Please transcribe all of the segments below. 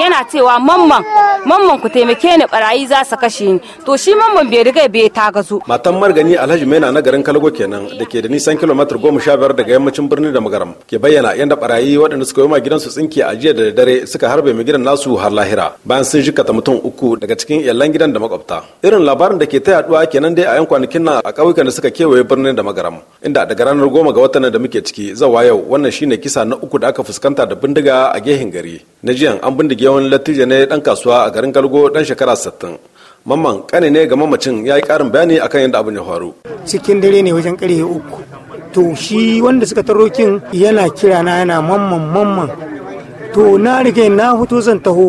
yana cewa mamman mamman ku taimake ni barayi za su kashe ni to shi mamman bai riga bai gazu. matan margani alhaji maina na garin kalgo kenan da ke da nisan kilomitar goma sha biyar daga yammacin birnin da magaram ke bayyana yadda barayi waɗanda suka yi ma gidansu tsinke a jiya da dare suka harbe mai gidan nasu har lahira bayan sun jikata mutum uku daga cikin yallan gidan da makwabta irin labarin da ke ta yaduwa kenan dai a yan kwanakin nan a ƙauyukan da suka kewaye birnin da magaram inda daga ranar goma ga watan da muke ciki zawa yau wannan shine kisa na uku da aka fuskanta da bindiga a gehin gari na jiyan an bindige yawan lattijo ne dan kasuwa a garin galgo dan shekara sattin mamman kane ne ga mamacin ya yi karin bayani akan yadda abin ya faru cikin dare ne wajen karfe uku to shi wanda suka taro kin yana kira na yana mamman mamman to na rike na fito zan taho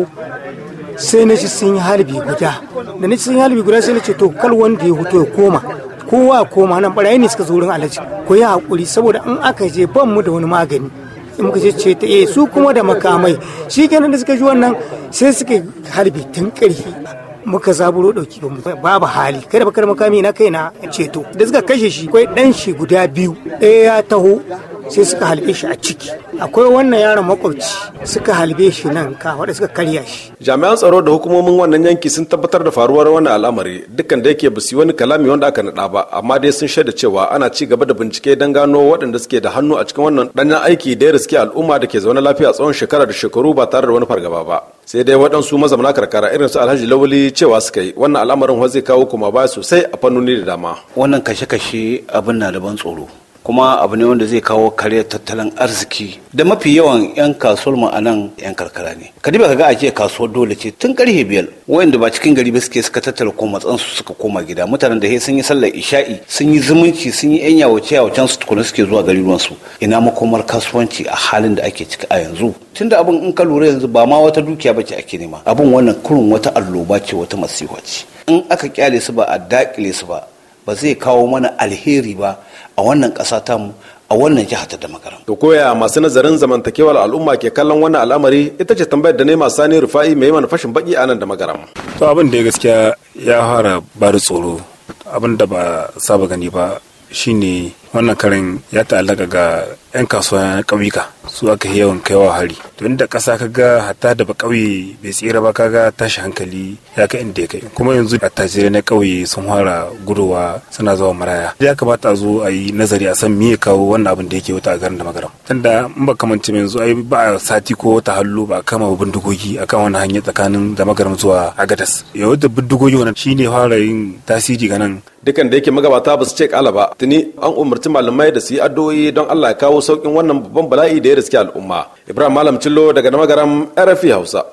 sai na ci sun yi halbi guda da na ci sun yi halbi guda sai na ce to kal wanda ya fito ya koma kowa koma nan barayi ne suka zo wurin alaji ko yi hakuri saboda in aka je ban mu da wani magani in muka ce ta eh su kuma da makamai shi kenan da suka ji wannan sai suka harbi tun ƙarfi muka zaburo dauki babu hali kada bakar makami na kai na ceto da suka kashe shi kai ɗan shi guda biyu ɗaya ya taho sai suka halbe shi a ciki akwai wannan yaron makwabci suka halbe shi nan ka wanda suka karya shi jami'an tsaro da hukumomin wannan yanki sun tabbatar da faruwar wannan al'amari dukkan da yake basi wani kalami wanda aka nada ba amma dai sun shaida cewa ana ci gaba da bincike don gano waɗanda suke da hannu a cikin wannan ɗanyen aiki da ya riske al'umma da ke zaune lafiya tsawon shekara da shekaru ba tare da wani fargaba ba sai dai waɗansu mazauna karkara irin su alhaji lawali cewa suka yi wannan al'amarin zai kawo kuma baya sosai a fannoni da dama wannan kashe-kashe abin na da ban tsoro kuma abu ne wanda zai kawo karyar tattalin arziki da mafi yawan 'yan kasuwar mu a nan 'yan karkara ne kadiba ka ga a ce kasuwar dole ce tun karfe biyar wayanda ba cikin gari ba suke suka tattara ko matsansu suka koma gida mutanen da sun yi sallar isha'i sun yi zumunci sun yi 'yan yawace yawacen su tukuna suke zuwa gari su ina makomar kasuwanci a halin da ake ciki a yanzu tunda abin in ka lura yanzu ba ma wata dukiya bace ake nema abin wannan kurun wata alloba ce wata masifa ce in aka kyale su ba a dakile su ba ba zai kawo mana alheri ba a wannan ƙasa mu a wannan jihar ta damakara. To koya masu nazarin zamantakewar al'umma ke kallon wannan al'amari ita ce tambayar da ma sani rufa'i mai mana fashin baki a nan da magaram. To abin da gaskiya ya fara ba da tsoro abin da ba saba gani ba shine wannan karin ya ta'allaka ga 'yan kasuwa na ƙauyuka su aka yi yawan kaiwa hari tun da ƙasa ka ga hatta da ba ƙauye bai tsira ba ka ga tashi hankali ya ka inda ya kai kuma yanzu attajirai na ƙauye sun fara gudowa suna zuwa maraya ya kamata a zo a yi nazari a san me kawo wannan abin da yake wuta a garin da magaram da in ba kamance yanzu ai ba a sati ko wata hallo ba a kama bindigogi a kan wani hanya tsakanin da magaram zuwa agadas yau da bindigogi wannan shine fara yin tasiri ga nan dukan da yake magabata ba su ce kala ba tuni an umarci umarci malamai da su yi addu'o'i don Allah ya kawo sauƙin wannan babban bala'i da ya riske al'umma. Ibrahim Malam Cillo daga Namagaram RFI Hausa.